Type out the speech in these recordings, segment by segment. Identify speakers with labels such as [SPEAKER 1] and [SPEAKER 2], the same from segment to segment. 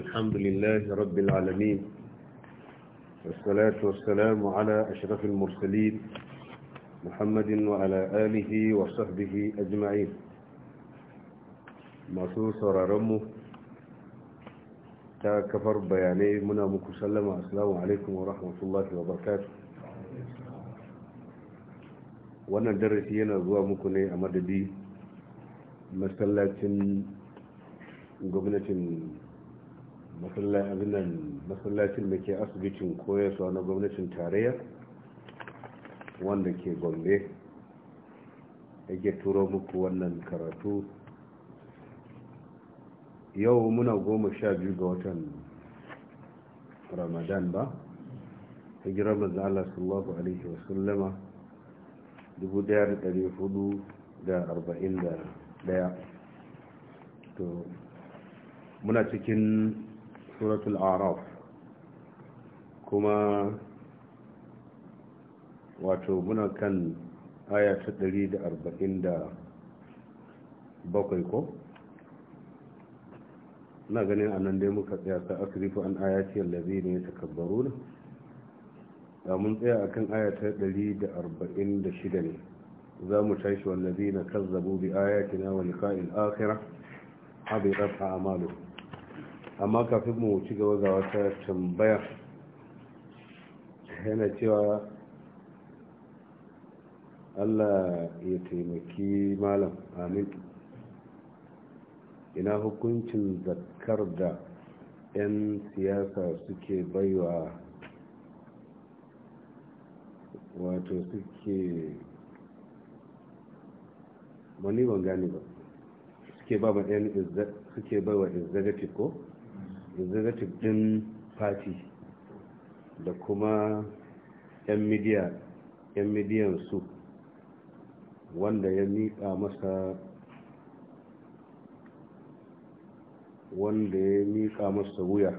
[SPEAKER 1] الحمد لله رب العالمين والصلاة والسلام على أشرف المرسلين محمد وعلى آله وصحبه أجمعين مصور صور رمه تاكفر بياني منا مكسلم السلام عليكم ورحمة الله وبركاته وانا درسينا هو مكني أمد دي مسلات جبنة masallacin da ke asibitin koyarwa na gwamnatin tarayya wanda ke gombe yake turo muku wannan karatu yau muna goma sha biyu ga watan ramadan ba hijirar manzo Allah sallallahu alaihi wa 1441 to muna cikin suratul araf kuma wato muna kan aya ta 147 ko na ganin anan dai muka tsaya ta asirifu an ayati allazi ne ya takabbaru da mun tsaya a kan aya ta 146 ne za mu tashi wallazi na kazzabu bi ayatina wa liqa'il amma kafin mu ci gaba ga wata tambaya yana cewa allah ya taimaki malam amin ina hukuncin zakar da 'yan siyasa suke baiwa wato suke wani ban gane ba suke ba wa executive ko representative ɗin Fati da kuma 'yan midiya 'yan midiyan su wanda ya miƙa masa wanda ya miƙa masa wuya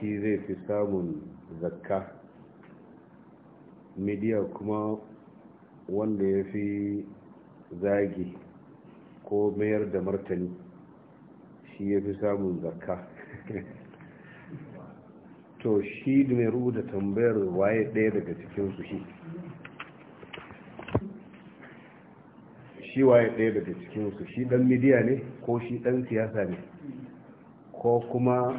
[SPEAKER 1] shi zai fi samun zakka midiya kuma wanda ya fi zagi ko mayar da martani shi ya fi samun zakka to shi da rubuta tambayar waye ɗaya daga cikin su shi shi waye ɗaya daga cikin su shi ɗan midiya ne ko shi ɗan siyasa ne ko kuma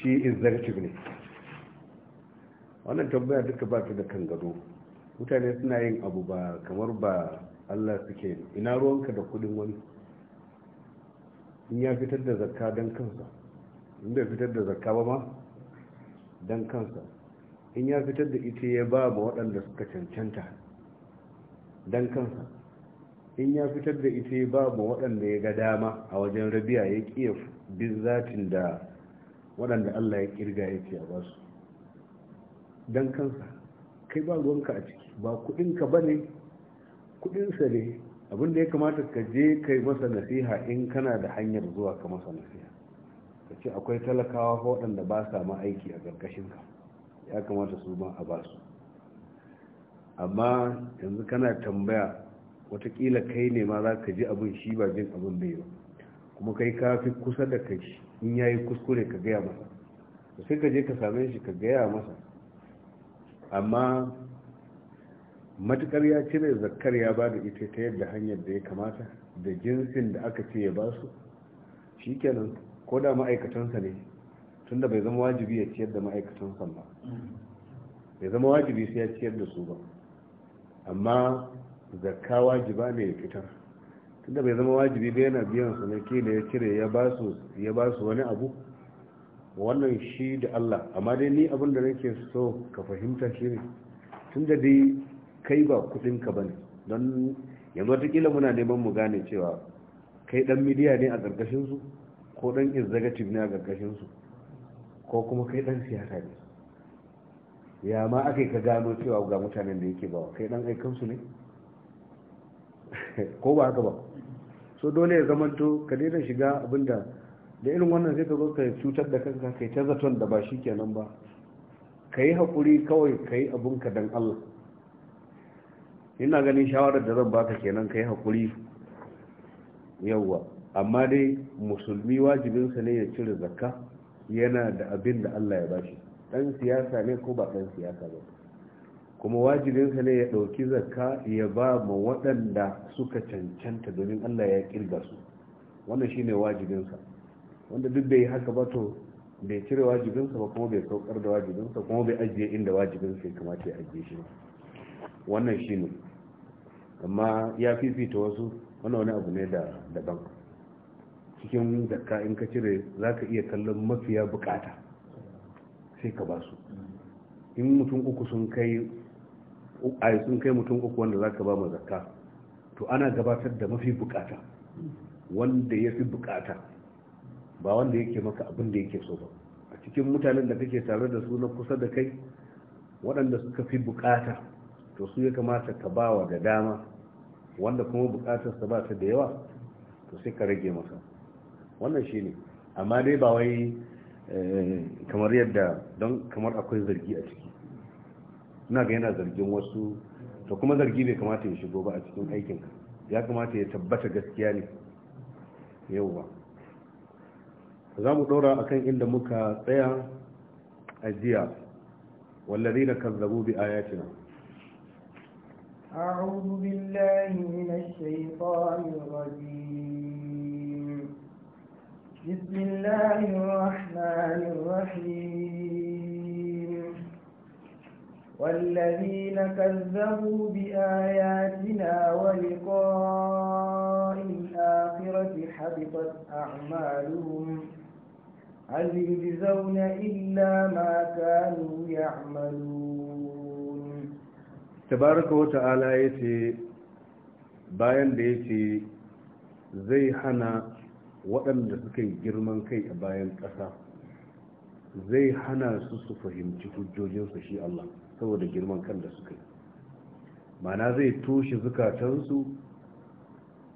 [SPEAKER 1] shi executive ne wannan tambaya duka ba ta da kan gado mutane suna yin abu ba kamar ba allah suke ina ruwanka da kudin wani in ya fitar da zakka don kansa in bai fitar da zakka ba ma don kansa in ya fitar da ita ya ba ma waɗanda suka cancanta don kansa in ya fitar da ita ya ba ma waɗanda ya ga dama a wajen rabiya ya ƙiya zatin da waɗanda allah ya ƙirga ya ce a ba su don kansa kai ba ruwanka a ciki ba kuɗinka ba ne kuɗinsa ne abin da ya kamata ka je kai masa nasiha in kana da hanyar zuwa ka masa nasiha ka ce akwai talakawa waɗanda ba sa ma aiki a ƙarƙashin ka ya kamata su ma a ba su amma yanzu kana tambaya watakila kai ne ma za ka ji abin shi ba jin abin bai ba kuma kai ka fi kusa da kai in ya yi kuskure ka gaya masa sai ka je ka same shi ka gaya masa amma matukar ya cire zakkar ya ba da ita ta yadda hanyar da ya kamata da jinsin da aka ce ya ba su shi kenan ko da ma'aikatansa ne tunda bai zama wajibi ya ciyar da ma'aikatansa ba bai zama wajibi sai ya ciyar da su ba amma zakka wajiba ne ya fitar tunda bai zama wajibi ba yana biyan su na kila ya cire ya ba su wani abu wannan shi da Allah amma dai ni abin da nake so ka fahimta shi ne tunda dai kai ba kudinka ba ne don yanzu watakila muna neman mu gane cewa kai dan midiya ne a ƙarƙashinsu ko dan executive ne a ƙarƙashinsu ko kuma kai dan siyasa ne ya ma aka ka gano cewa ga mutanen da yake ba kai dan aikansu ne ko ba haka ba so dole ya zamanto ka daina shiga abinda da irin wannan sai ka zo ka cutar da kanka kai ta zaton da ba shi kenan ba ka yi haƙuri kawai ka yi abinka don allah ina ganin shawarar da zan baka kenan kai hakuri yawwa amma dai musulmi wajibinsa ne ya cire zakka yana da abin da Allah ya bashi dan siyasa ne ko ba dan siyasa ba kuma wajibinsa ne ya dauki zakka ya ba ma waɗanda suka cancanta domin Allah ya kirga su wannan shine wajibinsa wanda duk bai haka ba to bai cire wajibinsa ba kuma bai saukar da wajibinsa kuma bai ajiye inda wajibinsa ya kamata ya ajiye shi wannan shine amma ya fifita wasu wani wani abu ne da daban cikin zakka in ka cire za ka iya kallon mafiya bukata sai ka ba su in mutum uku sun kai a sun kai mutum uku wanda za ka ba ma zakka to ana gabatar da mafi bukata wanda ya fi bukata ba wanda yake maka abin da yake so ba a cikin mutanen da kake tare da su na kusa da kai waɗanda suka fi bukata to su ya kamata ka bawa da dama wanda kuma bukatarsa ba ta da yawa to sai ka rage masa wannan shi ne amma dai ba wai eh, kamar yadda don kamar akwai zargi a ciki ina ga yana zargin wasu to kuma zargi bai kamata ya shigo ba a cikin aikinka ya kamata ya tabbata gaskiya ne yauwa za mu ɗora a kan inda muka tsaya a jiya wallazina zabu bi ayatina
[SPEAKER 2] أعوذ بالله من الشيطان الرجيم بسم الله الرحمن الرحيم والذين كذبوا بآياتنا ولقاء الآخرة حبطت أعمالهم هل يجزون إلا ما كانوا يعملون
[SPEAKER 1] tabaraka wa ta'ala ya ce bayan da ya ce zai hana waɗanda suka yi girman kai a bayan ƙasa zai hana su su fahimci hujjojinsu shi Allah saboda girman kan da suka yi mana zai toshe zukatansu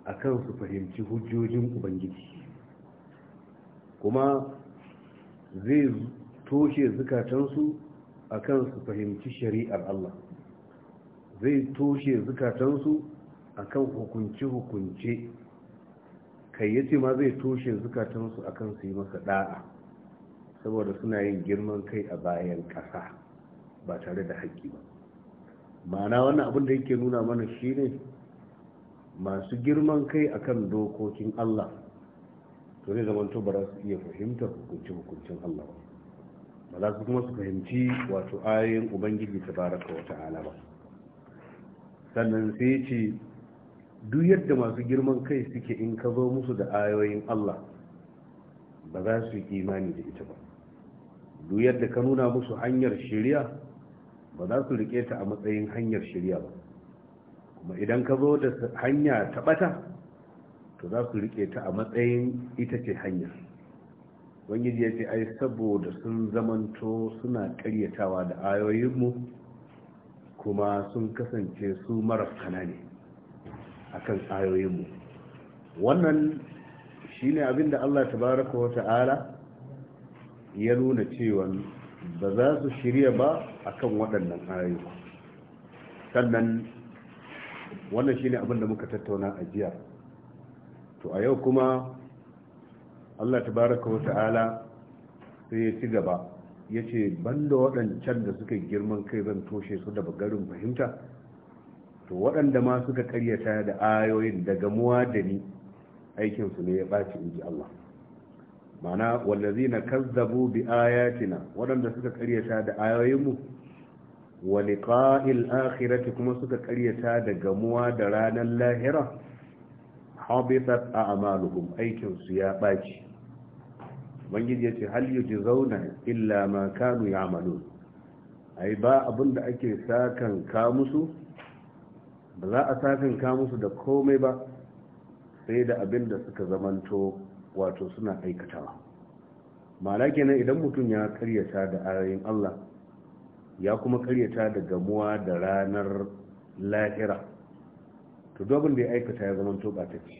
[SPEAKER 1] a kan su fahimci hujjojin ubangiji kuma zai toshe zukatansu a kan su fahimci shari'ar Allah zai toshe zukatansu akan hukunce-hukunce kai ya ce ma zai toshe zukatansu akan su yi masa da'a saboda suna yin girman kai a bayan ƙasa ba tare da haƙƙi ba Mana wannan abin da yake nuna mana shine masu girman kai akan dokokin Allah to zai zamanto to ba su iya fahimtar hukunce-hukuncen Allah ba ba za su kuma su fahimci wato ayoyin ubangiji ta baraka wata ta'ala ba sannan sai ce duk yadda masu girman kai suke in ka zo musu da ayoyin Allah ba za su yi imani da ita ba duk yadda ka nuna musu hanyar shirya ba za su rike ta a matsayin hanyar shirya ba kuma idan ka zo da hanya ta bata to za su rike ta a matsayin ita ce hanya wani ya ce ai saboda sun zamanto suna karyatawa da ayoyinmu kuma sun kasance su marafkana ne kan ayoyinmu wannan ne abin da Allah tabaraka wa ta'ala ya nuna cewa ba za su shirya ba a kan waɗannan ayoyi sannan wannan ne abin da muka tattauna a jiya to a yau kuma Allah tabaraka wa ta'ala sai ya ci gaba ya ce banda waɗancan da suka girman kai zan toshe su da bagarin fahimta to waɗanda ma suka karyata da ayoyin da gamuwa da ni aikinsu ne ya ɓaci in ji Allah mana wallazi na kazzabu bi ayatina waɗanda suka karyata da ayoyinmu wa liqa'il akhirati kuma suka karyata da gamuwa da ranar lahira habitat a'maluhum aikinsu ya ɓaci ubangiji ya ce hal zauna illa ma kanu A ai ba abin da ake sakan ka musu ba za a sakan ka musu da komai ba sai da abin da suka zamanto wato suna aikatawa Malaki kenan idan mutum ya karyata da ayoyin Allah ya kuma karyata da gamuwa da ranar lahira to dobin da ya aikata ya zamanto ba ta ce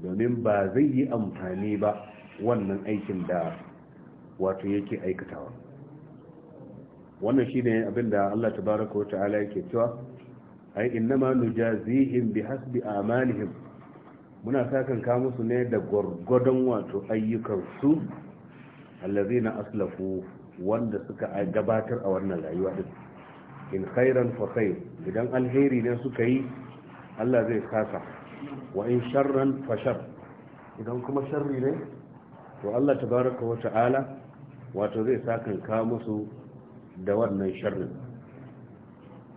[SPEAKER 1] domin ba zai yi amfani ba wannan aikin da wato yake aikatawa wannan shine abin da Allah tabaraka wa ta'ala yake cewa ai innama nujazihim bihasbi amalihim muna sakan ka musu ne da gwargwadon wato ayyukansu allazina aslafu wanda suka gabatar a wannan rayuwa din in khairan fa khair idan alheri ne suka yi Allah zai kasa wa in sharran fa shar idan kuma sharri ne to Allah tabaraka wa ta'ala wato zai ka musu da wannan sharrin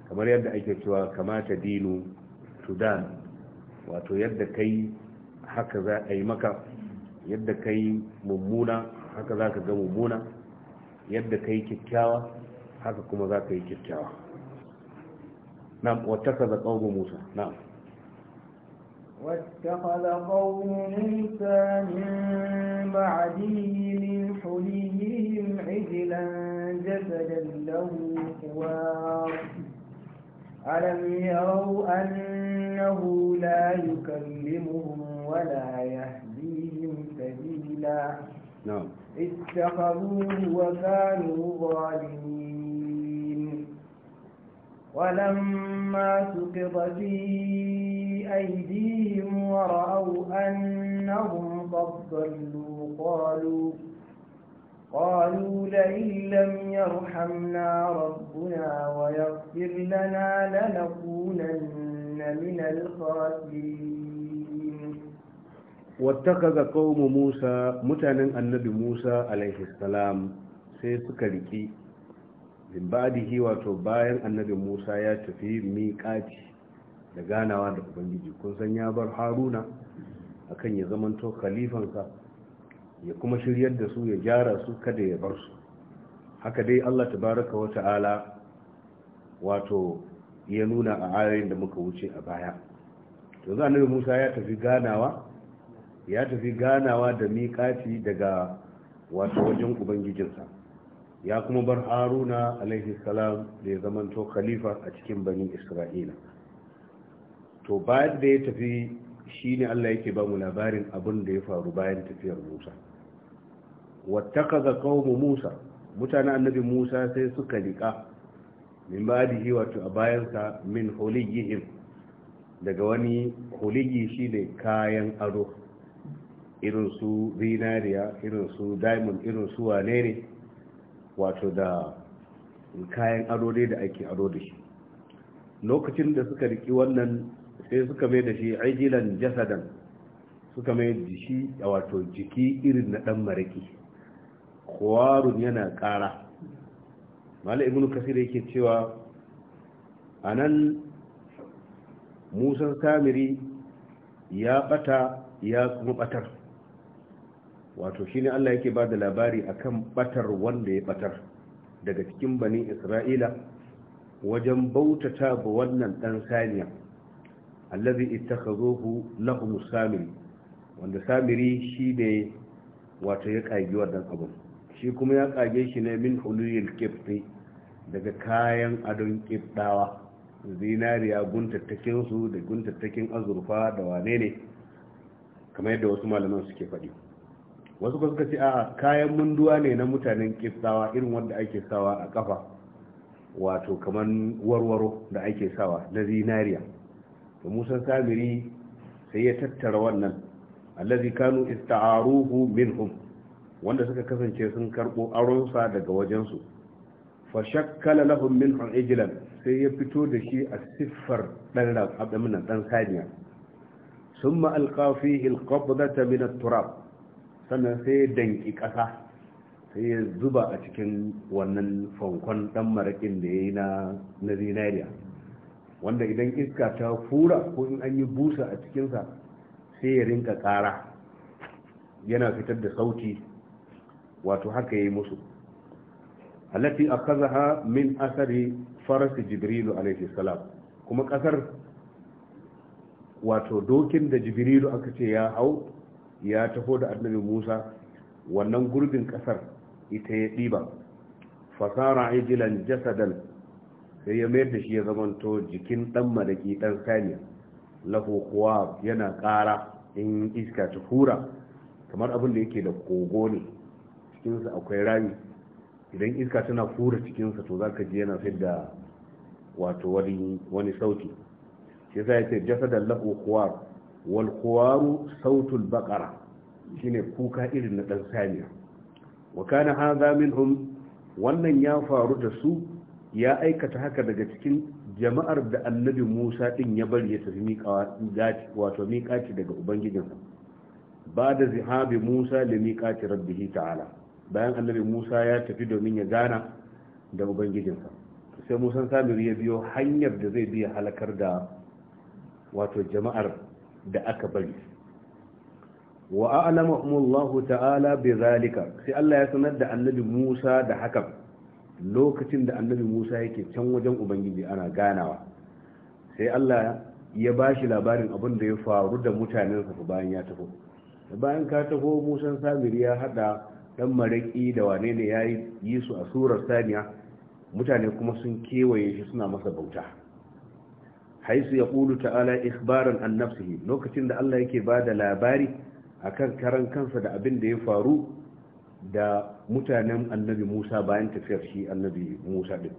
[SPEAKER 1] kamar yadda ake cewa kamata dinu sudan wato yadda kai haka za a yi maka yadda kai mummuna haka za ka ga mummuna yadda kai kyakkyawa haka kuma za ka yi kyakkyawa na wata ka zaƙa musa na'am
[SPEAKER 2] واتخذ قوم موسى من بعده من حليهم عجلا جسدا له خوار ألم يروا أنه لا يكلمهم ولا يهديهم سبيلا نعم اتخذوه وكانوا ظالمين ولما سقط في أيديهم ورأوا أنهم قد ضلوا قالوا قالوا لئن لم يرحمنا ربنا ويغفر لنا لنكونن من الخاسرين
[SPEAKER 1] واتخذ قوم موسى متنن النبي موسى عليه السلام sai suka riki bin ba'dihi wato bayan annabi Musa ya tafi miƙati da ganawa da ubangiji kun san ya bar Haruna akan ya zamanto khalifansa ya kuma shiryar da su ya gyara su kada ya bar su haka dai Allah tabaraka wa ta'ala wato ya nuna a ayoyin da muka wuce a baya to za annabi Musa ya tafi ganawa ya tafi ganawa da miƙaci daga wato wajen ubangijinsa ya kuma bar haruna alaihi salam da ya zamanto khalifa a cikin bani isra'ila to bayan da ya tafi shi ne allah yake ba mu labarin abin da ya faru bayan tafiyar musa wattakaza qaumu musa mutanen annabi musa sai suka liƙa min ba'dihi wato a bayansa min huliyihim daga wani huliyi ne kayan ado irin su zinariya irin su diamond irin su wane ne wato da kayan ado da ake ado da shi lokacin da suka riki wannan sai suka mai da shi aijilan jasadan suka mai da shi a wato jiki irin na dan maraki kwarun yana kara mala ibn kasir yake cewa a nan musa samiri ya bata ya kuma batar wato shi ne Allah yake ba da labari akan batar wanda ya batar daga cikin bani isra'ila wajen bautata ba wannan dan saniya allazi ku lahumu samiri wanda samiri ne wato ya kage wannan abu shi kuma ya kage shi ne min hulul kifti daga kayan adon kibdawa zinariya guntattakinsu da guntattakin azurfa da wane ne kamar yadda wasu malaman suke faɗi wasu suka ce a kayan munduwa ne na mutanen kisawa irin wanda ake sawa a kafa wato kamar warwaro da ake sawa na zinariya to musa samiri sai ya tattara wannan allazi kanu ista'aruhu minhum wanda suka kasance sun karbo aronsa daga wajensu fa shakkala lahum min ijlan sai ya fito da shi a siffar dan raƙaɗa dan saniya summa alqa fihi alqabdata min at sannan sai ya danki ƙasa sai ya zuba a cikin wannan fankon ɗan maraƙin da ya yi na zinariya wanda idan iska ta fura ko in an yi busa a cikinsa sai ya rinka ƙara yana fitar da sauti wato haka ya yi musu halatti a ha min asari farasi jibrilu salam kuma ƙasar wato dokin da jibrilu aka ce ya hau ya taho da annabi musa wannan gurbin kasar ita ya ɗiba fasara ajilan jasadan sai ya mayar da shi ya zamanto jikin ɗan malaki ɗan saniya lahu kuwa yana ƙara in iska ta hura kamar abin da yake da kogo ne cikinsa akwai rami idan iska tana hura cikinsa to za ka ji yana fi da wato wani sauti shi yasa ya ce jasadan lahu kuwa wal Sautun Bakara shi shine kuka irin na ɗan saniya wa kana hadha minhum wannan ya faru da su ya aikata haka daga cikin jama'ar da annabi Musa din ya bari ya tafi miƙaci wato miƙaci daga ubangijinsa ba da zihabi Musa da miƙaci rabbihi ta'ala bayan annabi Musa ya tafi domin ya gana da ubangijinsa sai Musan Samir ya biyo hanyar da zai biya halakar da wato jama'ar da aka bari wa a'lamahumullahu ta'ala bi zalika sai Allah ya sanar da annabi Musa da haka lokacin da annabi Musa yake can wajen ubangiji ana ganawa sai Allah ya bashi labarin abin da ya faru da mutanen sa bayan ya tafi bayan ka taho Musa Samiri ya hada dan maraƙi da wane ne yayi yi su a surar saniya mutane kuma sun kewaye shi suna masa bauta haisu ya ƙulu ta'ala ikhbaran an nafsihi lokacin da Allah yake ba da labari akan karan kansa da abin da ya faru da mutanen annabi Musa bayan tafiyar shi annabi Musa din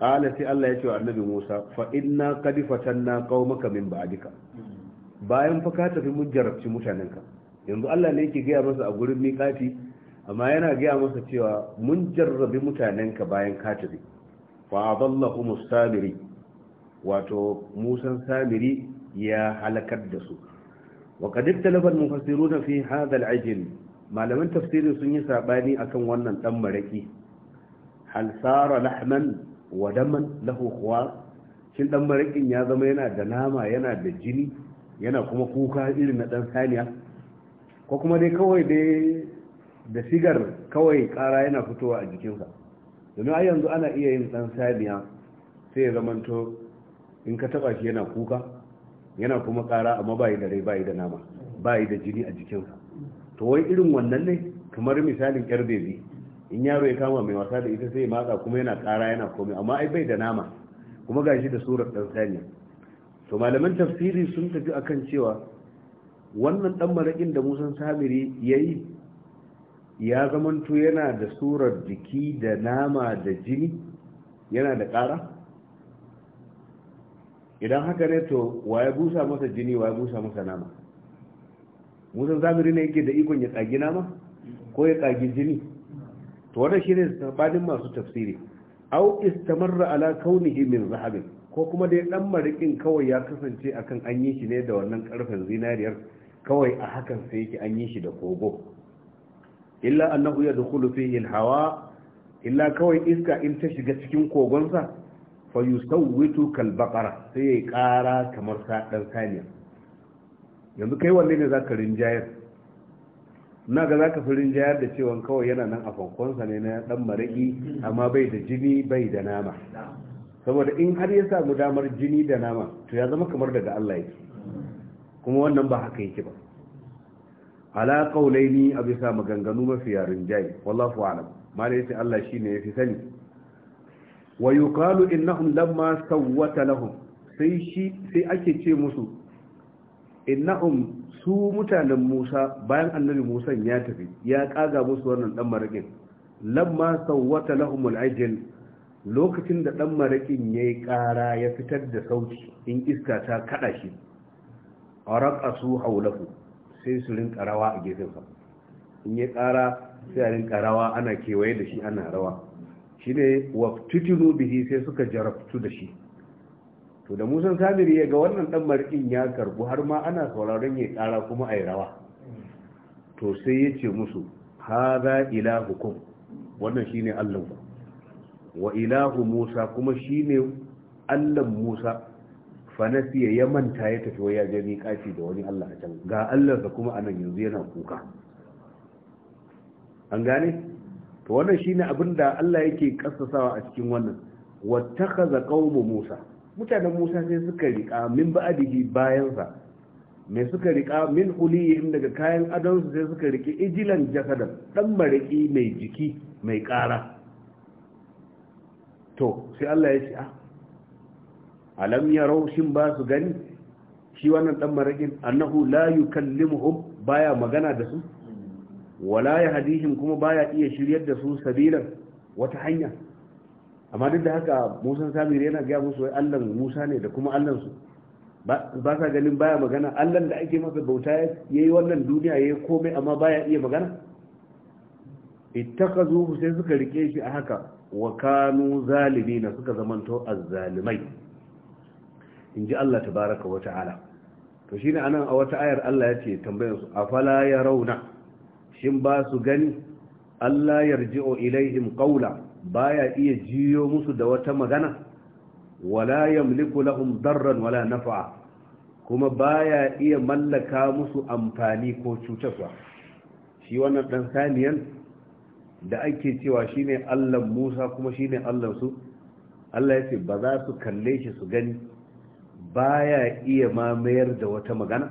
[SPEAKER 1] ƙala sai Allah ya ce wa annabi Musa fa inna qad fatanna qaumaka min ba'dika bayan fa ka tafi mun jarabci mutanenka yanzu Allah ne yake gaya masa a gurin miƙati amma yana gaya masa cewa mun jarrabi mutanenka bayan ka tafi fa adallahu wato musan samiri ya halakar da su wa kadif talabar mufassiru na fi hadal ajin malaman tafsirin sun yi saɓani akan wannan ɗan maraƙi halsara lahman wa daman lahu kuwa shin ɗan maraƙin ya zama yana da nama yana da jini yana kuma kuka irin na ɗan saniya ko kuma dai kawai dai da sigar kawai ƙara yana fitowa a jikinsa domin a yanzu ana iya yin ɗan saniya sai ya zamanto in ka taba shi yana kuka yana kuma kara amma bayi da rai bayi da nama bayi da jini a jikinsa to wai irin wannan ne kamar misalin yar bebi in yaro ya kama mai wasa da ita sai maka kuma yana kara yana komai amma ai bai da nama kuma gashi da surar dan sani to malaman tafsiri sun tafi akan cewa wannan dan marakin da musan samiri yayi ya zamanto yana da surar jiki da nama da jini yana da kara idan haka ne to wa ya busa masa jini wa ya busa masa nama musa zamiri ne yake da ikon ya tsagi nama ko ya tsagi jini to wannan shine sabanin masu tafsiri au istamarra ala kaunihi min zahabin ko kuma dai dan marikin kawai ya kasance akan an yi shi ne da wannan karfin zinariyar kawai a hakan sai yake an yi shi da kogo illa annahu yadkhulu fihi alhawa illa kawai iska in ta shiga cikin kogonsa fa yusawwitu kal baqara sai yayi ƙara kamar sa dan saniya yanzu kai wanne ne zaka rinjayar na ga zaka fi rinjayar da cewa kawai yana nan a fankonsa ne na dan maraki amma bai da jini bai da nama saboda in har ya samu damar jini da nama to ya zama kamar daga Allah yake kuma wannan ba haka yake ba ala qaulaini a bisa maganganu mafi yarin jayi wallahu a'lam malai sai Allah shine fi sani wa yuqalu innahum lamma sawwata lahum sai shi sai ake ce musu innahum su mutanen Musa bayan annabi Musa ya tafi ya kaga musu wannan dan marakin lamma sawwata lahum al-ajl lokacin da dan marakin yayi kara ya fitar da sauti in iska ta kada shi araqasu hawlahu sai su rinka rawa a gefen sa in ya kara sai a rinka rawa ana kewaye da shi ana rawa ne wa tutilu bihi sai suka jarabtu da shi to da musan samiri ya ga wannan dan marƙin ya karbu har ma ana sauraron ya tsara kuma a yi rawa to sai ya ce musu haza hukum, wannan shi ne allahnku wa ilahu musa kuma shi ne allan musa fanasiya ya manta ya tafi waya je kashi da wani allah a can ga allahnsa kuma anan yanzu yana kuka an gane to wannan shine abin da Allah yake kassasawa a cikin wannan wattakaza qaumu Musa mutanen Musa sai suka rika min ba'dihi bayan sa me suka rika min huliyihim daga kayan adon su sai suka riƙe ijilan jasadan dan mariki mai jiki mai ƙara. to sai Allah ya ce a ah, alam yarau shin ba su gani shi wannan dan marakin annahu la yukallimuhum baya magana da su wala ya hadihim kuma baya iya shiryar da su sabilan wata hanya amma duk da haka musa samir yana gaya musu wai allan musa ne da kuma allan su ba sa ganin baya magana allan da ake masa bauta ya yi wannan duniya ya yi komai amma baya iya magana zuhu sai suka rike shi a haka wa kanu na suka zamanto azzalimai in ji allah tabaraka wa ta'ala to shine anan a wata ayar allah ya ce tambayar su afala ya rauna shin ba su gani Allah o ilaihim qawla baya iya jiyo musu da wata magana wala yamliku lahum darran wala naf'a kuma baya iya mallaka musu amfani ko cutarwa shi wannan dan saniyan da ake cewa shine Allah Musa kuma shine Allah su Allah yace ba za su kalle shi su gani baya iya mamayar da wata magana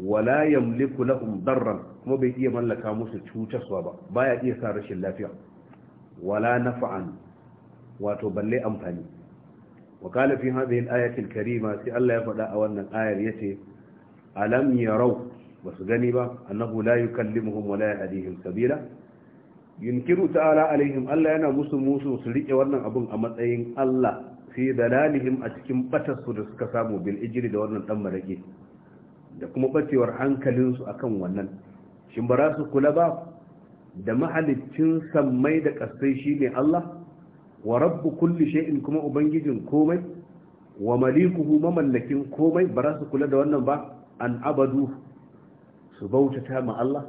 [SPEAKER 1] wala yamliku lahum darran kuma bai iya mallaka musu cutarwa ba baya iya sa rashin lafiya wala nafa'an wato balle amfani wa qala fi hadhihi al-ayati al-karima sai Allah ya faɗa a wannan ayar yace alam yarau basu gani ba annahu la yukallimuhum wa la yahdihim sabila yunkiru ta'ala alaihim Allah yana musu musu su rike wannan abun a matsayin Allah fi dalalihim a cikin batarsu da suka samu bil ijri da wannan dan marake da kuma bacewar hankalinsu akan wannan shin ba za su kula ba da mahalicin sammai da ƙasai shine Allah wa rabbu kulli shay'in kuma ubangijin komai wa malikuhu mamallakin komai ba za su kula da wannan ba an abadu su bautata ma Allah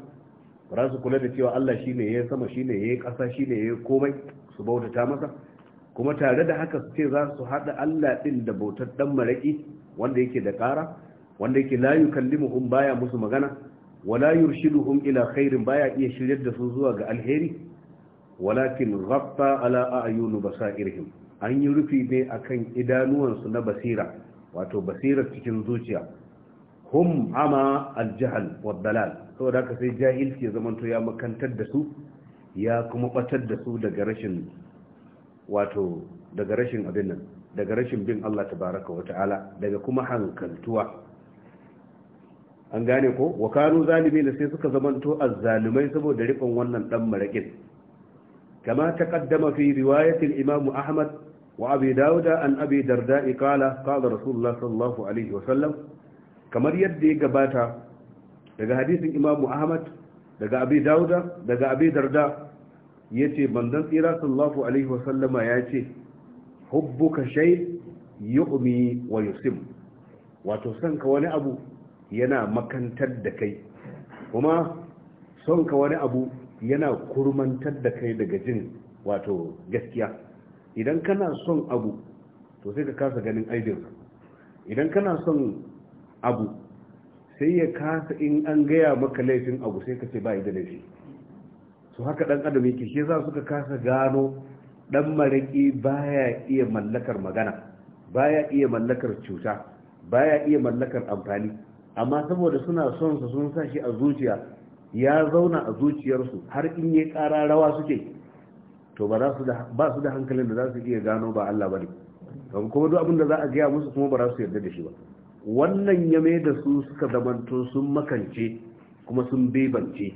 [SPEAKER 1] ba za su kula da cewa Allah shi ya yayin sama shi ya yayin ƙasa ya yayin komai su bautata masa kuma tare da haka su ce za su haɗa Allah ɗin da bautar ɗan maraƙi wanda yake da ƙara wanda yake la in baya musu magana wala yurshiduhum ila khairin baya iya shiryar da su zuwa ga alheri walakin ghaffa ala a'yunu basairihim an yi rufi ne akan idanuwansu na basira wato basirar cikin zuciya hum ama aljahl wadalal saboda haka sai jahilci ya zamanto ya makantar da su ya kuma batar da su daga rashin wato daga rashin abin nan daga rashin bin Allah tabaraka wa ta'ala daga kuma hankaltuwa an gane ko wa kanu zalimi da sai suka zamanto azzalumai saboda rikon wannan dan marakin kama taqaddama fi riwayat al-imam ahmad wa abi dawud an abi darda qala qala rasulullah sallallahu alaihi wa sallam kamar yadda ya gabata daga hadisin imam ahmad daga abi dawud daga abi darda yace bandan tsira sallallahu alaihi wa sallama yace hubbuka shay yu'mi wa yusim wato sanka wani abu yana makantar da kai kuma son ka wani abu yana kurmantar da kai daga jin wato gaskiya idan kana son abu to sai ka kasa ganin aidin idan kana son abu sai ya kasa in an gaya maka laifin abu sai ka ce ba da laifi su haka dan adam yake shi yasa suka kasa gano dan maraki baya iya mallakar magana baya iya mallakar cuta baya iya mallakar amfani amma saboda suna son su sun sa shi a zuciya ya zauna a zuciyarsu har in yi ƙara rawa suke to ba su da hankalin da za su iya gano ba Allah bane kuma duk abin da za a gaya musu kuma ba za su yarda da shi ba wannan ya mai da su suka zamanto sun makance kuma sun bebance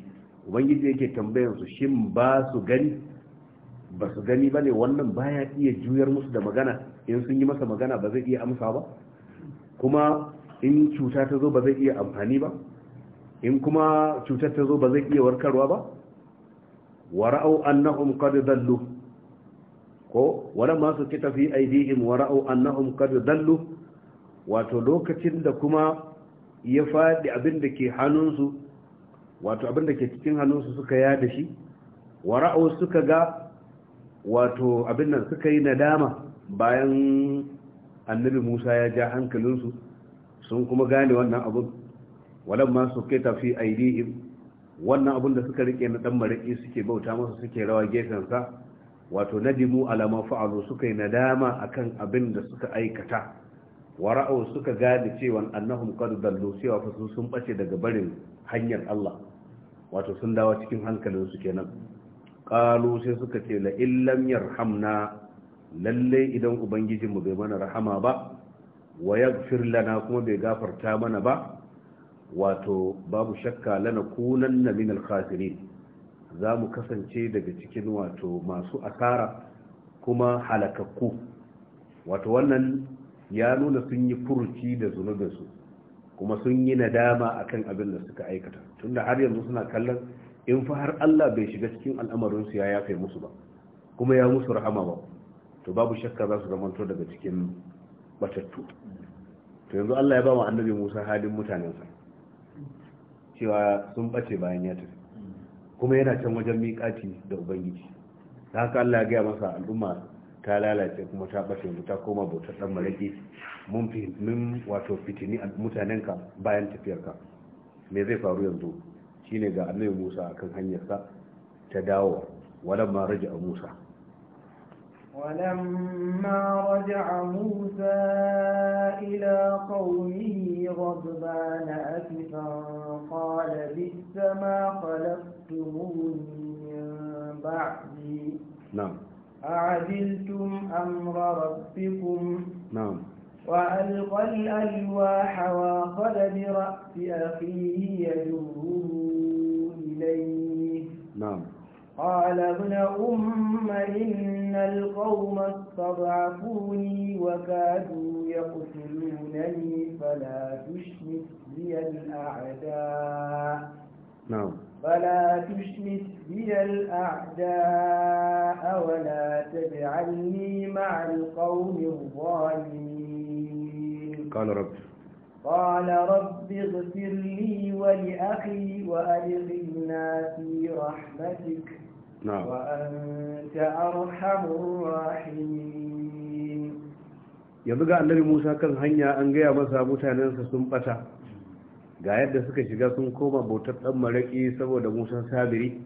[SPEAKER 1] ubangiji yake tambayar su shin ba su gani ba su gani ba wannan baya iya juyar musu da magana in sun yi masa magana ba zai iya amsa ba kuma in cuta ta zo ba zai iya amfani ba in kuma cutar ta zo ba zai iya warkarwa ba ra'au annahum qad dallu ko wala ma su kita fi aidihim ra'au annahum qad dallu wato lokacin da kuma ya faɗi abin da ke hannunsu wato abin da ke cikin hannunsu suka yada shi ra'au suka ga wato abin nan suka yi nadama bayan annabi Musa ya ja hankalinsu sun kuma gane wannan abun walan ma su kai tafi aidihim wannan abun da suka rike na dan mariki suke bauta masa suke rawa gefensa wato nadimu alama fa'alu suka yi nadama akan abin da suka aikata wa suka gane cewa annahum qad dallu cewa fa su sun bace daga barin hanyar Allah wato sun dawo cikin hankalin su kenan qalu sai suka ce la illam yarhamna lalle idan ubangijinmu bai mana rahama ba wa yaghfir lana kuma bai gafarta mana ba wato babu shakka lana kunanna min al za mu kasance daga cikin wato masu asara kuma halakakku wato wannan ya nuna sun yi furuci da zunubinsu kuma sun yi nadama akan abin da suka aikata tunda har yanzu suna kallon in fa har Allah bai shiga cikin al'amarinsu ya yafe musu ba kuma ya musu rahama ba to babu shakka za su zamanto daga cikin batattu to yanzu Allah ya ba wa annabi Musa halin mutanensa cewa sun bace bayan ya tafi kuma yana can wajen miƙati da ubangiji da haka Allah ya gaya masa al'umma ta lalace kuma ta bace mu ta koma bautar dan malaki mun fi mun wato fitini ka bayan tafiyar ka me zai faru yanzu shine ga annabi Musa akan hanyarsa ta dawo walamma raja'a Musa
[SPEAKER 2] ولما رجع موسى إلى قومه غضبان أسفا قال بئس ما خلقتموني من بعدي نعم أعدلتم أمر ربكم نعم وألقى الألواح وأخذ برأس أخيه يجره إليه نعم قال ابن أم إن القوم استضعفوني وكادوا يقتلونني فلا تشمت بي الأعداء نعم فلا تشمت بي الأعداء ولا تجعلني مع القوم الظالمين قال رب قال رب اغفر لي ولأخي وأدخلنا في رحمتك نعم. وأنت أرحم الراحمين
[SPEAKER 1] يبقى النبي موسى كان هنيا أن جاء مسا sun سنبتا ga yadda suka shiga sun koma bautar ɗan maraƙi saboda musa sabiri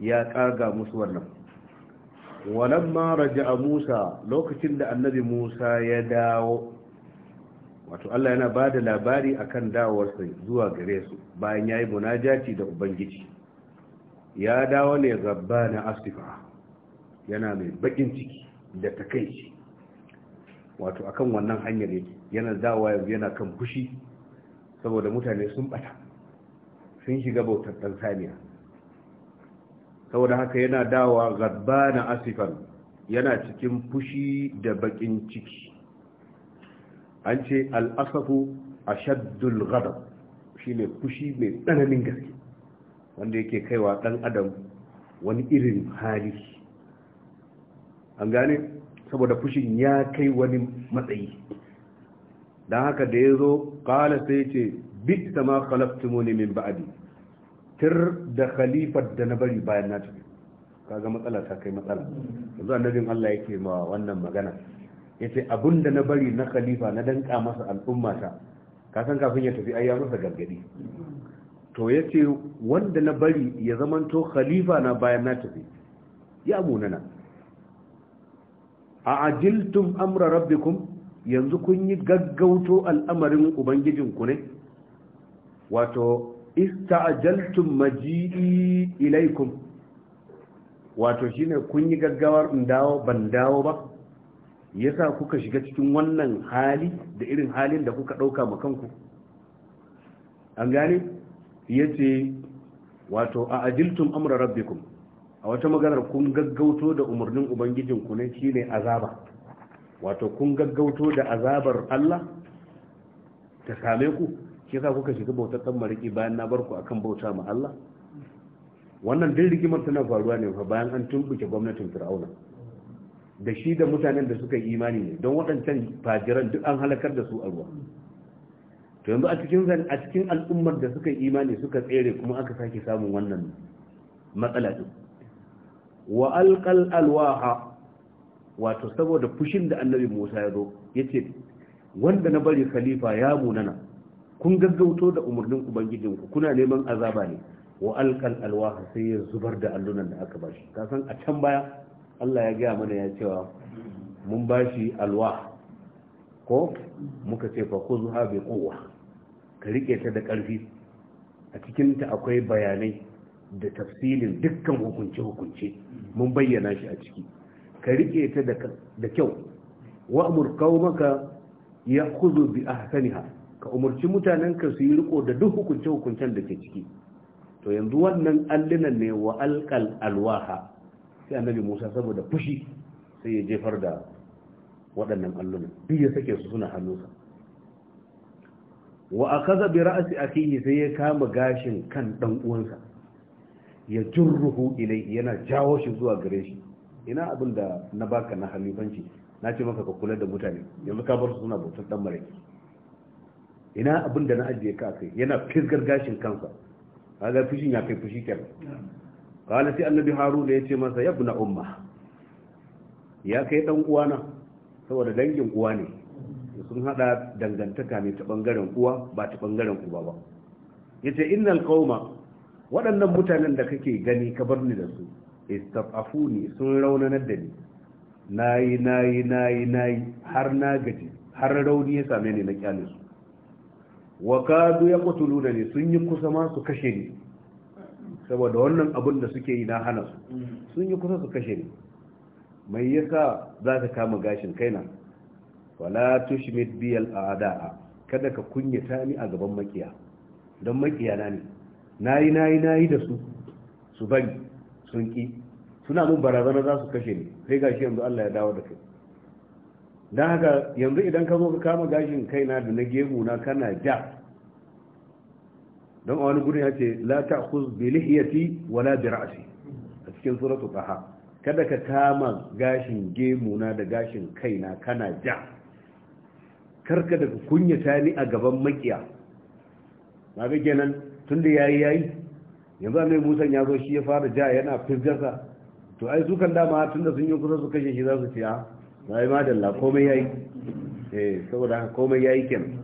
[SPEAKER 1] ya kaga musu wannan walamma raja musa lokacin da annabi musa ya dawo wato Allah yana ba da labari akan dawarsa zuwa gare su bayan ya yi munajaci da ubangiji ya dawo ne gaba na asifa yana mai bakin ciki da takaici wato akan wannan hanyar yake yana dawowa yanzu yana kan fushi saboda mutane sun bata sun shiga bautar ɗan saniya saboda haka yana dawowa gaba na asifar yana cikin fushi da bakin ciki an ce al'asafu a shaddul gadab shi ne kushi mai tsananin gaske wanda yake kaiwa ɗan adam wani irin hali an gane saboda fushin ya kai wani matsayi don haka da ya zo kala sai ce bit sama khalaftumuni min ba'adi tir da khalifar da na bari bayan na Ka ga matsala ta kai matsala yanzu annabin Allah yake ma wannan magana ya ce abin da na bari na khalifa na danka masa al'ummata kasan kafin ya tafi ayya masa gargadi to ya ce wanda na bari ya zamanto khalifa na bayan na tafi ya munana a ajiltum amra rabbikum yanzu kun yi gaggauto al'amarin ubangijinku ne wato ista'ajaltum maji'i ilaikum wato shine kun yi gaggawar in dawo ban dawo ba yasa kuka shiga cikin wannan hali da irin halin da kuka ɗauka kanku an gane ya ce wato a ajiltum amra rabbikum a wata maganar kun gaggauto da umarnin ubangijinku ne shine azaba wato kun gaggauto da azabar Allah ta same ku shi yasa kuka shiga bautar kan mariki bayan na barku akan bauta ma Allah wannan din rigimar tana faruwa ne fa bayan an tumbuke gwamnatin Fir'auna da shi da mutanen da suka yi imani ne don waɗancan fajiran duk an halakar da su a ruwa to yanzu a cikin a cikin al'ummar da suka yi imani suka tsere kuma aka sake samun wannan matsala din wa alqal alwaha wato saboda fushin da annabi Musa ya zo yace wanda na bari khalifa ya munana kun gaggauto da umarnin ubangijinku kuna neman azaba ne wa alqal alwaha sai ya zubar da allunan da aka bashi ka san a can baya Allah ya gaya mana ya cewa mun ba shi alwa ko muka ce fa ha bi quwwa ka rike ta da karfi a cikin ta akwai bayanai da tafsilin dukkan hukunce hukunce mun bayyana shi a ciki ka rike ta da kyau wa amur qaumaka ya'khudhu bi ahsaniha ka umarci mutanenka su yi riko da duk hukunce hukuncen da ke ciki to yanzu wannan allinan ne wa alqal alwaha sai annabi musa saboda fushi sai ya jefar da waɗannan allunan duk ya sake su suna hannunsa wa a kaza bi ra'asi akihi sai ya kama gashin kan dan uwansa ya jurruhu ilai yana jawo shi zuwa gare shi ina abin da na baka na halifanci na ce maka ka kula da mutane yanzu ka bar su suna bautar dan maraki ina abin da na ajiye ka kai yana fisgar gashin kansa kaga fushin ya kai fushi kenan kala sai annabi haruna ce masa ya na umma ya kai dan uwana saboda dangin uwa ne sun hada dangantaka ne ta bangaren uwa ba ta bangaren uba ba yace innal qauma waɗannan mutanen da kake gani ka barni da su istafafuni sun raunanar da ni nayi nayi nayi nayi har na gaji har rauni ya same ni na kyale su wa kadu yaqtuluna sun yi kusa ma su kashe ni saboda wannan abin da suke yi na hana su sun yi kusa su kashe ni mai yasa za ka kama gashin kaina wala tushmit biyal a'da'a kada ka kunyata ni a gaban makiya don makiya na ne nayi nayi nayi da su su bari sun ki suna mun barazana za su kashe ni sai gashi yanzu Allah ya dawo da kai don haka yanzu idan ka zo ka kama gashin kaina da na gemu na kana ja don a wani guri ya ce la ta'khuz bi lihiyati wala bi ra'si a cikin suratul taha kada ka kama gashin gemu na da gashin kaina kana ja karka da kunyata ni a gaban makiya na ga kenan tun da yayi yayi yanzu mai musan ya zo shi ya fara ja yana fizgarsa to ai su kan dama tun da sun yi kusa su kashe shi za su ci a ah, bai madalla komai yayi eh saboda komai yayi kenan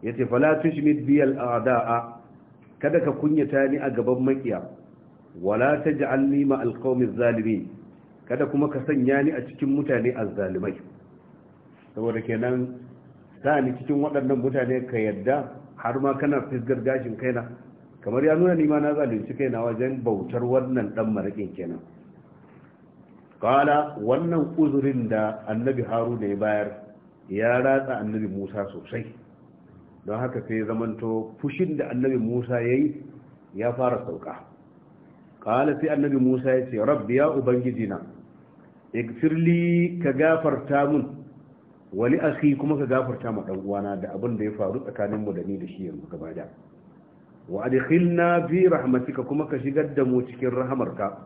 [SPEAKER 1] yace fala tushmit al a'da'a kada ka kunyata ni a gaban makiya wala taj'alni ma alqawmi zalimin kada kuma ka sanya ni a cikin mutane azzalimai saboda kenan sa ni cikin waɗannan mutane ka yadda har ma kana fisgar gashin kaina kamar ya nuna ni ma na zalunci kaina wajen bautar wannan dan marakin kenan kala wannan uzurin da annabi haruna ya bayar ya ratsa annabi musa sosai don haka sai zamanto fushin da annabi musa ya yi ya fara sauka ƙala sai annabi musa ya ce rabbi ya ubangiji na ikfirli ka gafarta mun wali aski kuma ka gafarta ma dan da abin da ya faru tsakanin mu da ni da shi yanzu gaba da wa adkhilna fi rahmatika kuma ka shigar da mu cikin rahamarka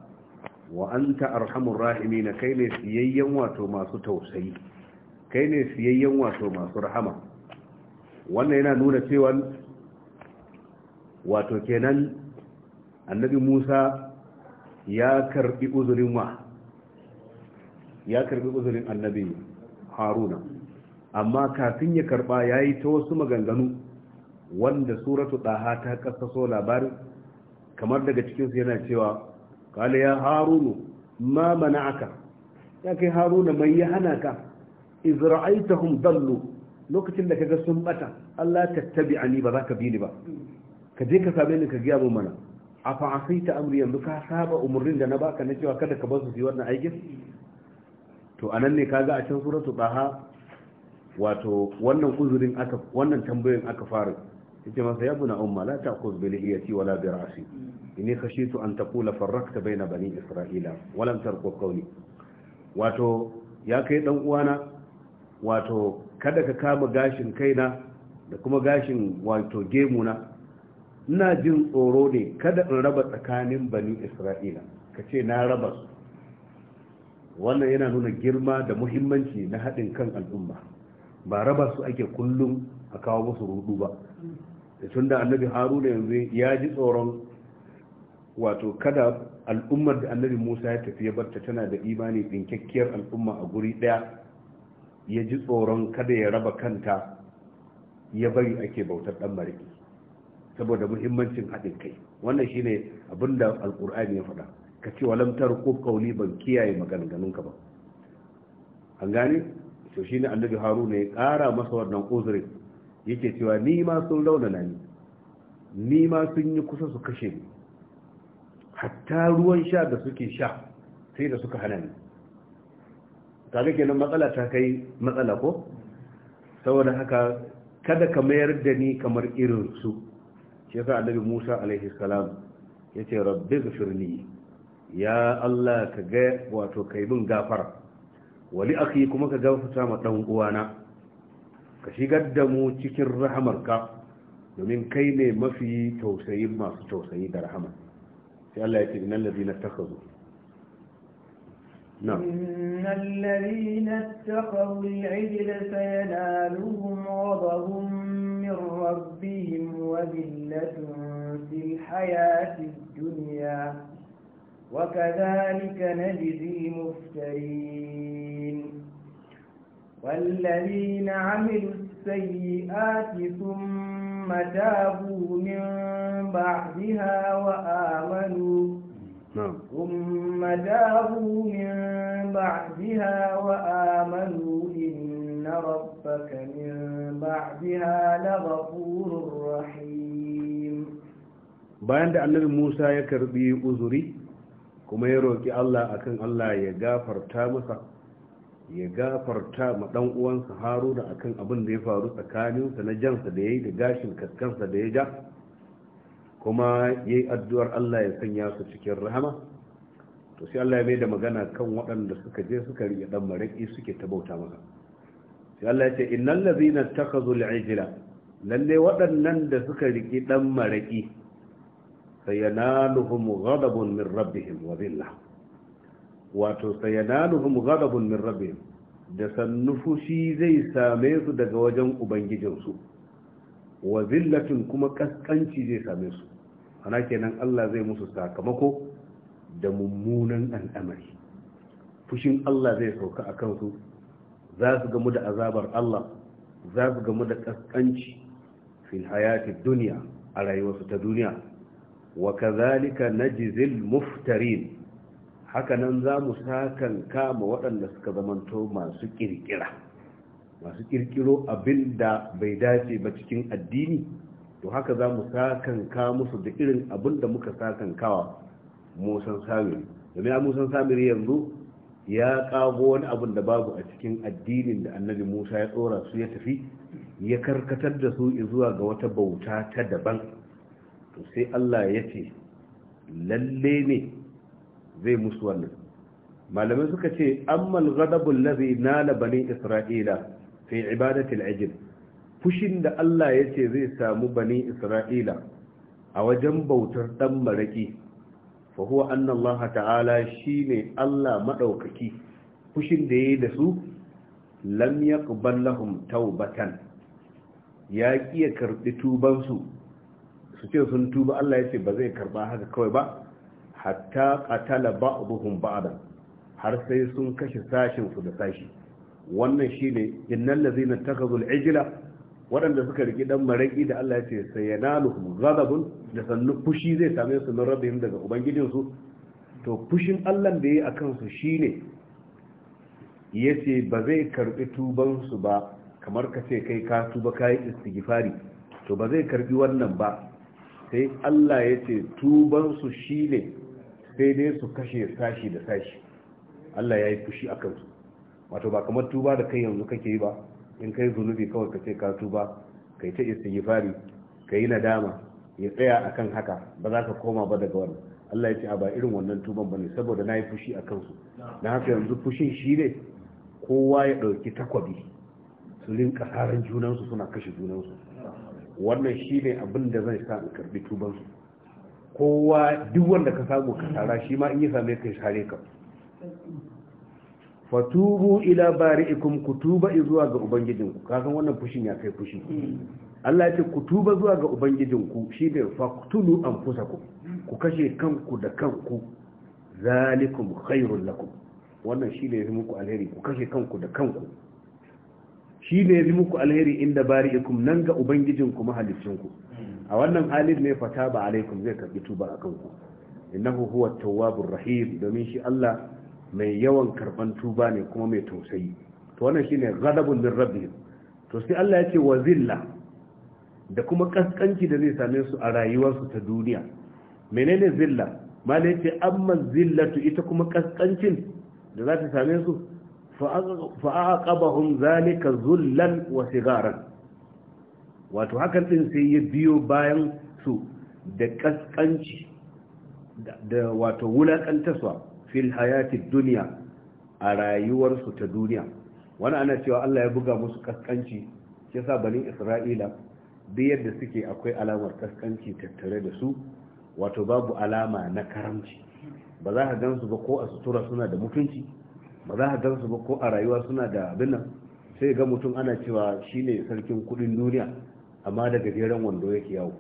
[SPEAKER 1] wa anta arhamur rahimin kai ne siyayyen wato masu tausayi kai ne siyayyen wato masu rahama wannan yana nuna cewa wato kenan annabi musa ya karbi uzurin wa ya karbi uzurin annabi haruna amma kafin ya karba ya yi ta wasu maganganu wanda suratu ɗaha ta kasaso labarin kamar daga cikinsu yana cewa kala ya harunu ma mana'aka ya kai haruna mai ya hana ka izra'aitahum dallu lokacin da kaga sun bata Allah ni ba zaka bi ni ba ka je ka same ni ka gaya mun mana a fa asaita amri yanzu ka saba umarnin da na baka na cewa kada ka bar su yi wannan aikin to anan ne kaga a can suratu baha wato wannan uzurin aka wannan tambayoyin aka fara yace masa ya buna umma la ta'khudh bi lihiyati wala bi ra'si inni khashitu an taqula farraqta bayna bani isra'ila wa lam tarqu qawli wato ya kai dan uwana wato kada ka kama gashin kaina da kuma gashin wato gemuna ina jin tsoro ne kada in raba tsakanin bani isra'ila ka ce na raba su wannan yana nuna girma da muhimmanci na haɗin kan al'umma ba raba su ake kullum a kawo musu rudu ba da tun da annabi haruna yanzu ya ji tsoron wato kada al'ummar da annabi musa ya tafi ya barta tana da imani ɗinkakkiyar al'umma a guri ɗaya ya ji tsoron kada ya raba kanta ya bari ake bautar dan mariki saboda muhimmancin haɗin kai wannan shine abin da alkur'ani ya faɗa ka ce walamtar ko kauli ban kiyaye maganganunka ba an gane to shine annabi haruna ya ƙara masa wannan uzurin yake cewa ni ma sun raunana ni ni ma sun yi kusa su kashe ni hatta ruwan sha da suke sha sai da suka hana ni kaga kenan matsala ta kai matsala ko saboda haka kada ka mayar da ni kamar irin su shi yasa annabi Musa alaihi salam yace rabbi ghfirli ya Allah ka ga wato kai bin gafara wali akhi kuma ka gafarta ma dan uwana ka shigar da mu cikin rahamarka domin kai ne mafi tausayin masu tausayi da rahama sai Allah ya ce innal ladina takhazu نعم
[SPEAKER 2] إن الذين اتقوا العجل سينالهم غضب من ربهم وذلة في الحياة الدنيا وكذلك نجزي المفترين والذين عملوا السيئات ثم تابوا من بعدها وآمنوا ثم جاءوا من بعدها وآمنوا إن ربك من بعدها لغفور رحيم
[SPEAKER 1] bayan da annabi Musa ya karɓi uzuri kuma ya roƙi Allah akan Allah ya gafarta ma dan uwansa Haruna akan abin da ya faru tsakaninsa na jansa da yayi da gashin kaskansa da ya ja kuma ya yi addu'ar Allah ya sanya su cikin rahama to sai Allah ya mai da magana kan waɗanda suka je suka riƙe ɗan maraki suke ta bauta masa sai Allah ya ce innal ladhina takhazu al-ijla lalle waɗannan da suka riƙe dan maraki sayanaluhum gadabun min rabbihim wa dhillah wato sayanaluhum gadabun min rabbihim da sannufushi zai same su daga wajen ubangijinsu wa zillatun kuma kaskanci zai same su ana kenan Allah zai musu sakamako da mummunan al'amari fushin Allah zai sauka a kansu za su gamu da azabar Allah za su gamu da kaskanci fil hayati duniya a rayuwarsu ta duniya wa kazalika najzil muftarin Haka nan za mu sakan kama waɗanda suka zamanto masu kirkira masu kirkiro abin da bai dace ba cikin addini to haka za mu sakanka musu da irin abin da muka sakankawa musan samiri domin musan samiri yanzu ya kago wani abin da babu a cikin addinin da annabi musa ya tsora su ya tafi ya karkatar da su zuwa ga wata bauta ta daban to sai allah ya ce lalle ne zai musu wannan malamai suka ce ammal ghadabul ladhi nala banin isra'ila fi ibadatul ajil fushin da Allah ya ce zai samu bani Isra'ila a wajen bautar dan maraki fa huwa anna ta'ala shine Allah madaukaki fushin da yayi da su lam yaqbal lahum ya kiya karbi tuban su su ce sun tuba Allah ya ce ba zai karba haka kawai ba hatta qatala ba'dhum ba'dan har sai sun kashe sashin su da sashi wannan shi ne shine innal ladzina ta al ijila waɗanda suka riki ɗan maraki da Allah ya ce sai ya sayanaluhum ghadabun da sannu fushi zai same su min rabin daga ubangijinsu to fushin Allah da ya yi a kansu shi ne ya ce ba zai karɓi tubansu ba kamar ka ce kai ka tuba ka yi istigifari to ba zai karɓi wannan ba sai Allah ya ce tubansu shi ne sai dai su kashe sashi da sashi Allah ya yi fushi a kansu. wato ba kamar tuba da kai yanzu kake yi ba in kai zunubi kawai ka ce ka tuba ka yi ta istighfari yi nadama ya tsaya akan haka ba za ka koma ba daga wani Allah ya ce a ba irin wannan tuban ne saboda na yi fushi a kansu na haka yanzu fushin shi ne kowa ya ɗauki takwabi su rinka harin junansu suna kashe junansu wannan shi ne abin da zai sa in karbi tubansu kowa duk wanda ka samu ka tara shi ma in yi same ka share ka fatubu ila bari'ikum ku tuba zuwa ga ubangijinku san wannan fushin ya kai fushi Allah ya ce ku tuba zuwa ga ubangijinku shi ne faqtulu anfusakum ku kashe kanku da kanku zalikum khairul lakum wannan shi ne ya muku alheri ku kashe kanku da kanku shi ne ya muku alheri inda bari'ikum nan ga ubangijinku mahalicinku a wannan halin ne fataba alaikum zai karbi tuba a kanku innahu huwa tawwabur rahim domin shi Allah mai yawan karban tuba ne kuma mai tausayi to wannan shine ghadabun min rabbihim to sai Allah yake wa zilla da kuma kaskanci da zai same su a rayuwarsu ta duniya menene zilla malai ce amma zillatu ita kuma kaskancin da za ta same su fa'aqabahum zalika zullan wa sigaran wato hakan din sai ya biyo bayan su da kaskanci da wato wulakantaswa fil hayatid dunya a rayuwarsu ta duniya wani ana cewa Allah ya buga musu kaskanci shi sa banin Isra'ila duk yadda suke akwai alamar kaskanci tattare da su wato babu alama na karamci ba za ka gansu ba ko a sutura suna da mutunci ba za ka gansu ba ko a rayuwa suna da abin nan sai ga mutum ana cewa shine sarkin kudin duniya amma da gajeren wando yake yawo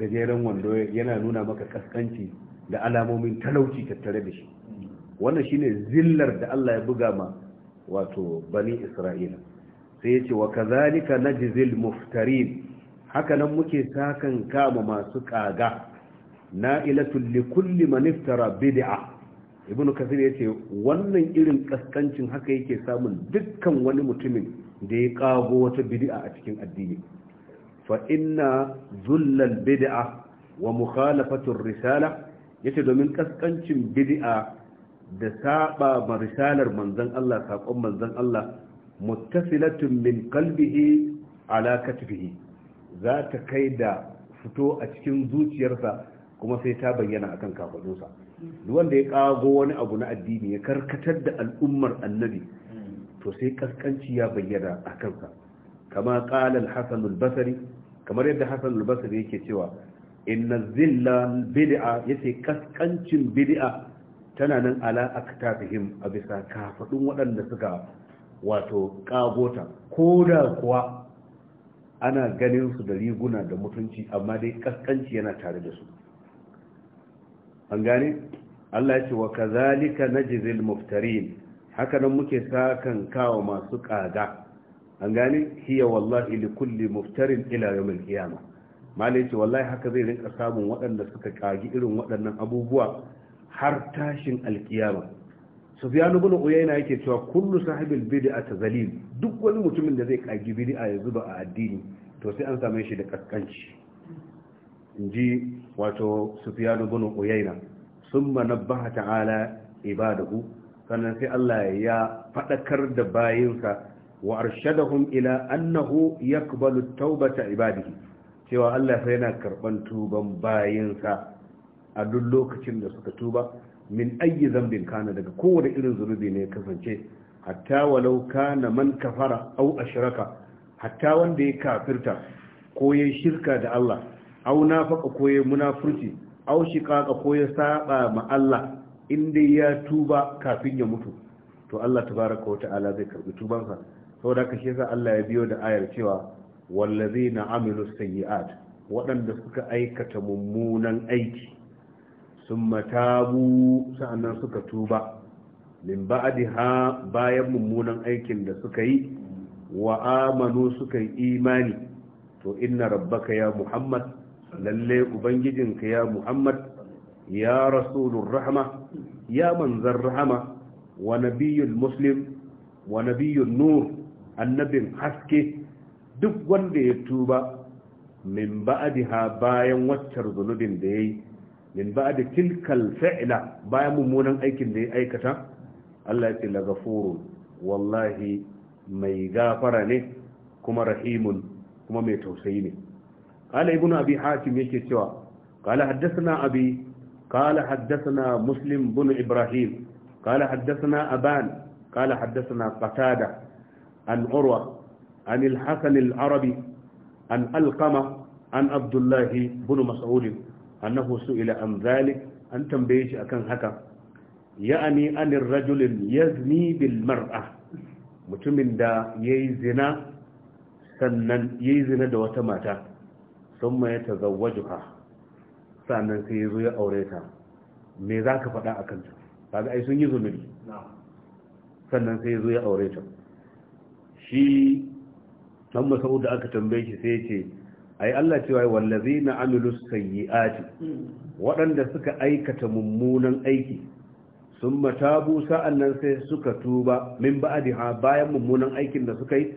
[SPEAKER 1] gajeren wando yana nuna maka kaskanci da alamomin talauci tattare da shi wannan shine zillar da Allah ya buga ma wato bani Isra'ila sai ya ce wa kazalika najzil muftarin haka nan muke sakan kama masu kaga na'ilatul likulli man iftara bid'a ibnu kasir ya ce wannan irin kaskancin haka yake samun dukkan wani mutumin da ya kago wata bid'a a cikin addini fa inna zullal bid'a wa mukhalafatur risala yace domin kaskancin bid'a da saba ma risalar manzan Allah saƙon manzon Allah muttasilatun min qalbihi ala katbihi za ta kai da fito a cikin zuciyarsa kuma sai ta bayyana akan kafadunsa duk wanda ya kago wani abu na addini ya karkatar da al'ummar annabi to sai kaskanci ya bayyana a kansa kama hasan al-basri kamar yadda hasan al-basri yake cewa inna zilla bid'a yace kaskancin bid'a tana nan ala aktafihim a bisa kafadun waɗanda suka wato kagota ko da kuwa ana ganin su da riguna da mutunci amma dai kaskanci yana tare da su an gane Allah ce wa kazalika najzil muftarin haka nan muke sakan kawo masu kaga an gane hiya wallahi likulli muftarin ila yawmil qiyamah malai ce wallahi haka zai rinka samun waɗanda suka kagi irin waɗannan abubuwa har tashin alkiyama sufyanu bin uyayna yake cewa kullu sahibil bid'ati zalil duk wani mutumin da zai kagi bid'a ya zuba a addini to sai an same shi da kaskanci inji wato sufiyanu bin uyayna summa nabbaha ta'ala ibadahu sannan sai Allah ya fadakar da bayinsa wa arshadahum ila annahu yaqbalu tawbata ibadihi cewa Allah sai yana karban tuban bayinsa a duk lokacin da suka tuba min ayyi zambin kana daga kowane irin zunubi ne ya kasance hatta walau kana man kafara au ashraka hatta wanda ya kafirta ko ya shirka da Allah au nafaka ko ya munafurci au shiqaqa ko ya saba ma Allah inda ya tuba kafin ya mutu to Allah tabaraka wa ta'ala zai karbi tubansa saboda haka shi yasa Allah ya biyo da ayar cewa na amilu sayyi'at waɗanda suka aikata mummunan aiki sun matabu sa'annan suka tuba min ha bayan mummunan aikin da suka yi wa amanu suka yi imani to inna rabbaka ya muhammad lalle ubangijinka ya muhammad ya rasulun rahama ya manzan rahama wa nabiyyul muslim wa nabiyyun nur annabin haske duk wanda ya tuba min ha bayan waccar zunubin da yayi yi min ba'adi tilkal fi'la bayan mummunan aikin da ya aikata Allah ya tilaga furun wallahi mai gafara ne kuma rahimun kuma mai tausayi ne qala ibnu abi hatim yake cewa qala haddathana abi qala haddathana muslim ibn ibrahim qala haddathana aban qala haddathana qatada an urwa عن الحسن العربي عن القمة عن عبد الله بن مسعود أنه سئل عن ذلك أن تنبيش أكن هكا يعني أن الرجل يزني بالمرأة mutumin da ya yi zina sannan ya yi zina da wata mata sun sannan sai ya zo ya aure ta me za ka faɗa a kanta kaga ai sun yi zunubi sannan sai ya zo ya aure ta shi dan masau da aka tambaye shi sai ya ce ai Allah cewa wallazina yi sayyi'ati waɗanda suka aikata mummunan aiki sun matabu sa'annan sai suka tuba min ha bayan mummunan aikin da suka yi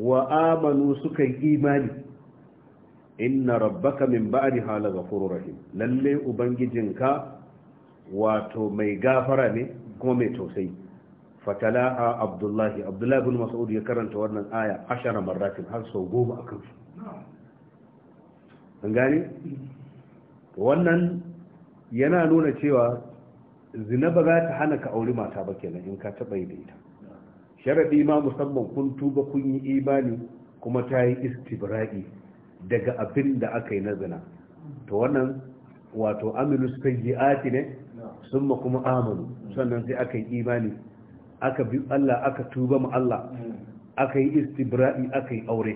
[SPEAKER 1] wa amanu suka yi imani inna rabbaka min ba'diha ghafurur rahim lalle ubangijinka wato mai gafara ne kuma mai tausayi fatala'a abdullahi abdullahi bin mas'ud ya karanta wannan aya ashara marratin har sau goma a kansu an gane wannan yana nuna cewa zina ba za ta hana ka auri mata ba kenan in ka taɓa yi da ita sharaɗi ma musamman kun tuba kun yi imani kuma ta yi istibra'i daga abin da aka yi na zina to wannan wato Aminu sayyi'ati ne sun kuma amanu sannan sai aka yi imani aka bi Allah aka tuba mu Allah aka yi istibra'i aka yi aure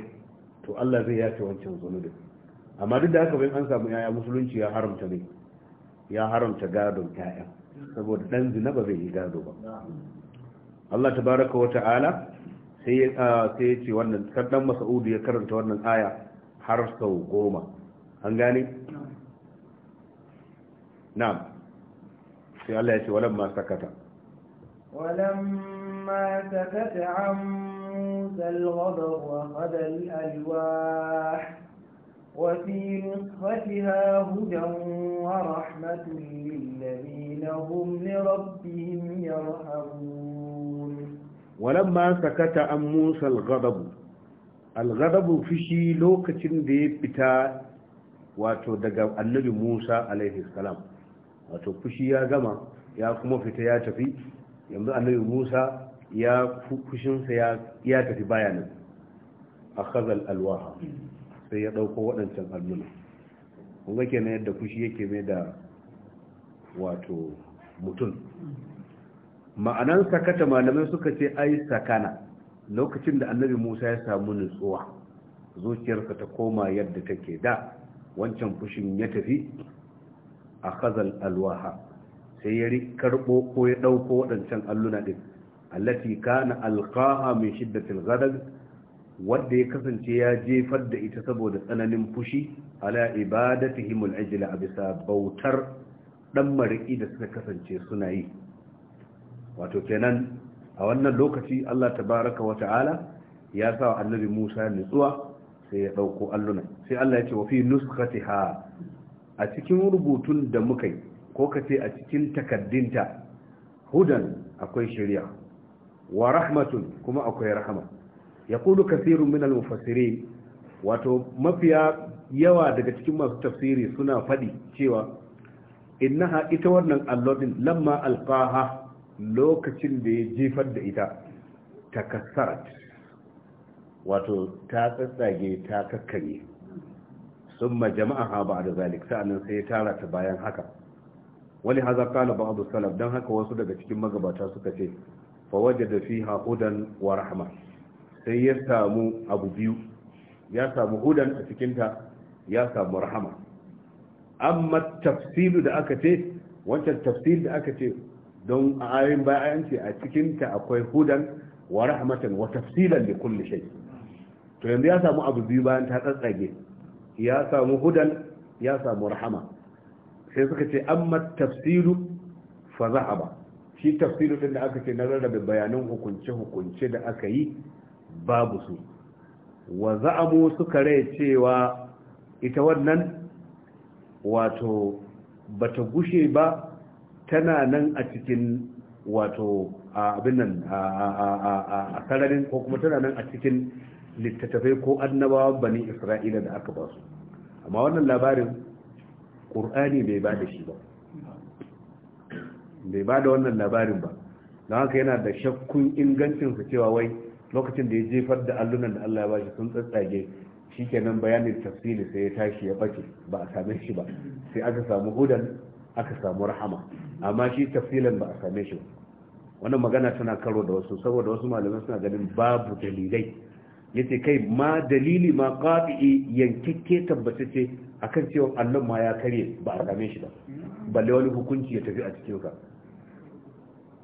[SPEAKER 1] to Allah zai yace wancan zunubin amma duk da haka bayan an samu yaya musulunci ya haramta ne ya haramta gadon yaya saboda dan zina ba zai yi gado ba Allah tabaraka wa ta'ala sai ah, sai ya ce wannan kaddan Mas'udu ya karanta wannan aya har sau goma an gane na'am sai Allah ya ce walamma sakata
[SPEAKER 2] ولما سكت عن موسى الغضب وخذ الألواح وفي نسختها هدى ورحمة للذين هم لربهم يرحمون
[SPEAKER 1] ولما سكت عن موسى الغضب الغضب فشي لوكة دي بتا wato daga annabi Musa alaihi salam wato fushi ya gama ya kuma fita ya tafi yanzu annabi musa ya kushinsa ya tafi bayanin a kazal alwaha sai ya ɗauko waɗancan alluna kuma kenan yadda kushi yake mai da wato mutum ma'anan sakata malamai suka ce ai sakana lokacin da annabi musa ya samu nutsuwa zuciyarsa ta koma yadda take da wancan fushin ya tafi a kazal alwaha sai ya karbo ko ya dauko waɗancan alluna din allati kana alqaha mai shiddatil ghadab wanda ya kasance ya jefar da ita saboda tsananin fushi ala ibadatihim al a bisa bautar dan mariki da suka kasance suna yi wato kenan a wannan lokaci Allah tabaraka wa ta'ala ya sa annabi Musa nutsuwa sai ya ɗauko alluna sai Allah ya ce wa fi nuskatiha a cikin rubutun da muka yi ko ka ce a cikin takaddinta hudan akwai shirya wa rahmatun kuma akwai rahama ya kudu kasirun minal mufassirin wato mafiya yawa daga cikin masu tafsiri suna faɗi cewa innaha ita wannan allodin lamma alfaha? lokacin da ya jefar da ita kasarat wato ta tsatsage ta sun majama'a ba da zalik sa'anin sai ya tara ta bayan haka Wani haza kala abu salaf don haka wasu daga cikin magabata suka ce fa wajada fiha hudan wa rahama sai ya samu abu biyu ya samu hudan a cikinta ya samu rahama amma tafsiru da aka ce wancan tafsil da aka ce don a ayoyin bayan ce a cikinta akwai hudan wa rahamatan wa tafsilan li kulle shai to yanzu ya samu abu biyu bayan ta tsatsage ya samu hudan ya samu rahama sai suka ce amma tafsiru fa zahaba shi tafsiru din da aka ce na rarrabe bayanan hukunce hukunce da aka yi babu su wa mu suka rai cewa ita wannan wato bata gushe ba tana nan a cikin wato abin nan a sararin ko kuma tana nan a cikin littattafai ko annabawa bani isra'ila da aka ba su amma wannan labarin ƙur'ani bai ba da shi ba bai ba da wannan labarin ba don haka yana da shakkun ingancinsa cewa wai lokacin da ya jefar da allunan da allah ya ba shi sun tsatsage shi kenan bayanin tafsiri sai ya tashi ya bace ba a same shi ba sai aka samu hudan aka samu rahama amma shi tafsilin ba a same shi ba wannan magana tana karo da wasu saboda wasu malamai suna ganin babu dalilai yace kai ma dalili ma qati'i yankakke tabbatacce akan cewa allon ma ya kare ba a same shi ba balle wani hukunci ya tafi a cikin ka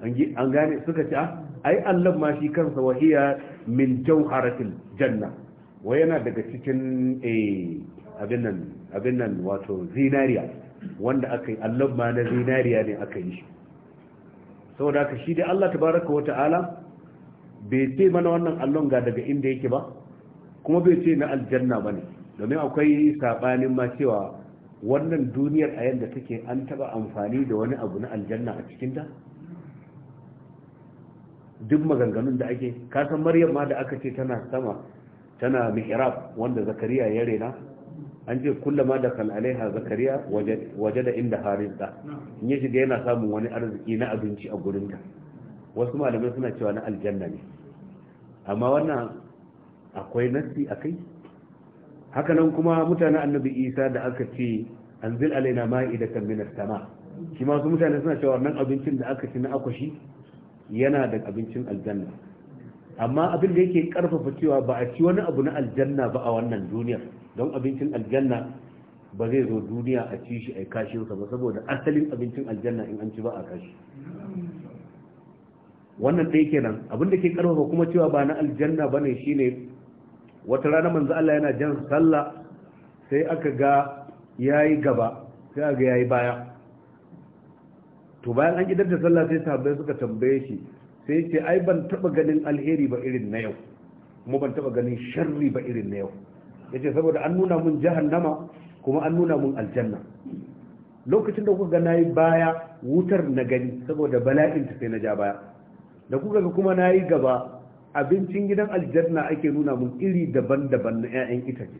[SPEAKER 1] an gane suka ce ah, ai allon ma shi kansa wahiya min jauharatil janna Wa yana daga cikin eh, abin nan wato zinariya wanda aka yi allon ma na zinariya ne aka yi shi saboda haka shi dai Allah tabaraka wata'ala bai ce mana wannan allon ga daga inda yake ba kuma bai ce na aljanna bane domin akwai sabanin ma cewa wannan duniyar a yadda take an taba amfani da wani abu na aljanna a cikin cikinta duk maganganun da ake kasan maryam ma da aka ce tana sama tana mihrab wanda zakariya ya rena an ce kullama da kal'alaiha zakariya waje da inda harinta in ya shiga yana samun wani arziki na abinci a ta. wasu malamai suna cewa na aljanna ne amma wannan akwai nasi a kai haka nan kuma mutanen annabi isa da aka ce anzil alaina ma'idatan minas sama shi ma su mutane suna cewa nan abincin da aka ci na akwashi yana da abincin aljanna amma abin da yake karfafa cewa ba a ci wani abu na aljanna ba a wannan duniyar don abincin aljanna ba zai zo duniya a ci shi a sa ba saboda asalin abincin aljanna in an ci ba a kashi wannan ɗaya kenan abin da ke karfafa kuma cewa ba na aljanna ba ne shine wata rana manzo Allah yana jan sallah sai aka ga yayi gaba sai aka ga yayi baya to bayan an idar da sallah sai sahabbai suka tambaye shi sai ce ai ban taba ganin alheri ba irin na yau kuma ban taba ganin sharri ba irin na yau yace saboda an nuna mun jahannama kuma an nuna mun aljanna lokacin da kuka ga nayi baya wutar na gani saboda bala'in ta sai na ja baya da kuka ga kuma nayi gaba abincin gidan aljanna ake nuna mun iri daban-daban na 'ya'yan itace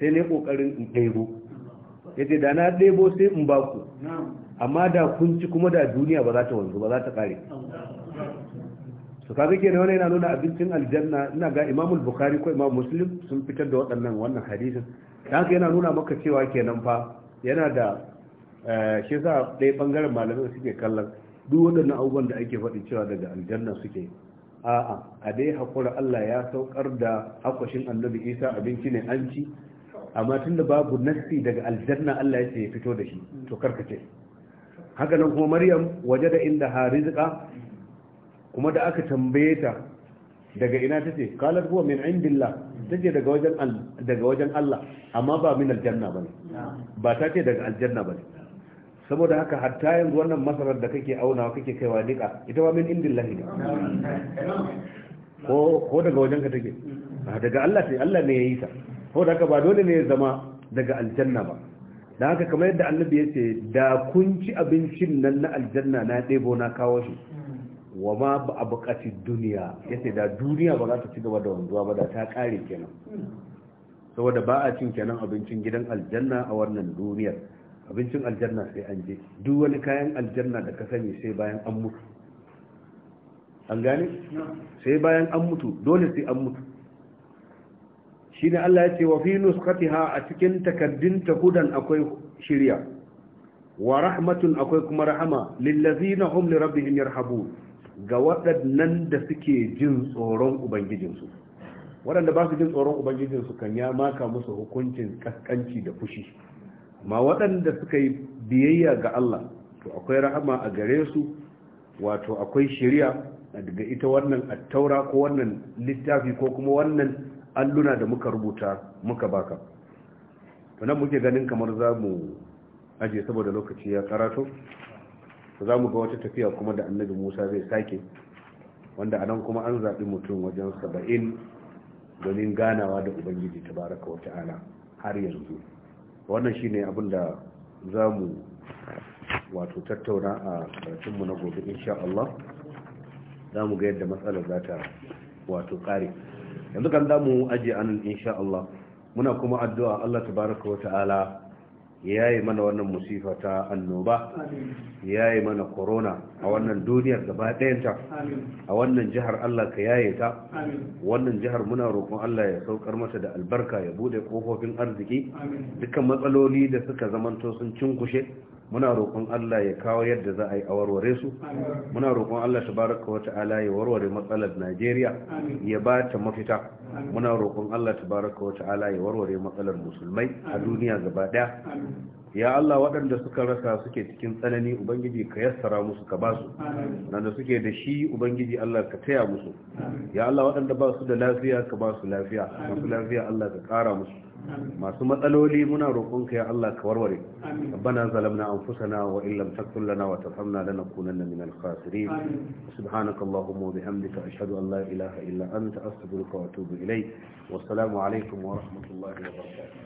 [SPEAKER 1] sai ne kokarin in ɗebo ya da na ɗebo sai in ba ku amma da kun ci kuma da duniya ba za ta wanzu ba za ta ƙare su kaga ke wani yana nuna abincin aljanna ina ga imamul bukhari ko imam muslim sun fitar da waɗannan wannan hadisin da haka yana nuna maka cewa kenan fa yana da eh, shi yasa ɗaya ɓangaren malamin suke kallon duk waɗannan abubuwan da ake faɗi cewa daga aljanna suke a'a a dai haƙura Allah ya saukar da haƙashin annabi isa abinci ne an ci amma tun da babu nasti daga aljanna Allah ya ce ya fito da shi to karkace haka nan kuma maryam waje da inda rizqa kuma da aka tambaye ta daga ina ta ce kalar huwa min indillah ta ce daga wajen Allah amma ba min aljanna bane ba ta ce daga aljanna ba saboda haka hatta yanzu wannan masarar da kake aunawa kake kaiwa nika ita ba min lahi ne ko daga wajen ka take ah, daga Allah sai Allah ne ya yi ta ko da haka ba dole ne ya zama daga aljanna ba da haka kamar yadda annabi ya ce da kun ci abincin nan na aljanna na ɗebo na kawo shi wa ma ba a buƙaci duniya ya ce da duniya ba za ta ci gaba da wanzuwa ba da ta kare kenan saboda ba a cin kenan abincin gidan aljanna a wannan duniyar abincin aljanna sai an je duk wani kayan aljanna da ka sani sai bayan an mutu an gane sai bayan an mutu dole sai an mutu ne Allah ya ce wa fi nuskatiha a cikin takardun takudan akwai shirya wa rahmatun akwai kuma rahama lillazina hum li rabbihim yarhabun ga waɗannan da suke jin tsoron ubangijinsu waɗanda ba su jin tsoron ubangijinsu kan ya maka musu hukuncin kaskanci da fushi ma waɗanda suka yi biyayya ga Allah to akwai rahama a gare su wato akwai shari'a daga ita wannan attaura ko wannan littafi ko kuma wannan alluna da muka rubuta muka baka to nan muke ganin kamar za mu aje saboda lokaci ya karato za mu ga wata tafiya kuma da annabi musa zai sake wanda anan kuma an zaɓi mutum wajen saba'in domin ganawa da ubangiji ta baraka wata'ala har yanzu wannan shine abin da za mu wato tattauna a mu na gobe insha Allah za mu ga yadda matsalar za ta wato kare yanzu kan za mu ajiye anan insha Allah muna kuma addu'a Allah tabaraka wa ta'ala ya yi mana wannan musifa ta annoba ya yi mana corona a wannan duniyar gaba ɗayanta a wannan jihar Allah ka yaye ta wannan jihar muna roƙon Allah ya saukar mata da albarka ya bude kofofin arziki dukkan matsaloli da suka zamanto sun cinkushe muna roƙon Allah ya kawo yadda za a yi a su muna roƙon Allah tabaraka wa ta'ala ya warware matsalar Najeriya ya ba ta mafita muna roƙon Allah tabaraka wa ta'ala ya warware matsalar musulmai a duniya gaba ɗaya ya Allah waɗanda suka rasa suke cikin tsanani ubangiji ka yassara musu ka basu nan da suke da shi ubangiji Allah ka taya musu ya Allah waɗanda ba su da lafiya ka ba su lafiya masu lafiya Allah ka ƙara musu masu matsaloli muna roƙonka ya Allah ka warware rabbana zalamna anfusana wa illam taghfir lana wa tarhamna lanakunanna minal khasirin subhanakallahumma wa bihamdika ashhadu an la ilaha illa anta astaghfiruka wa atubu ilayk wa assalamu alaikum wa rahmatullahi wa barakatuh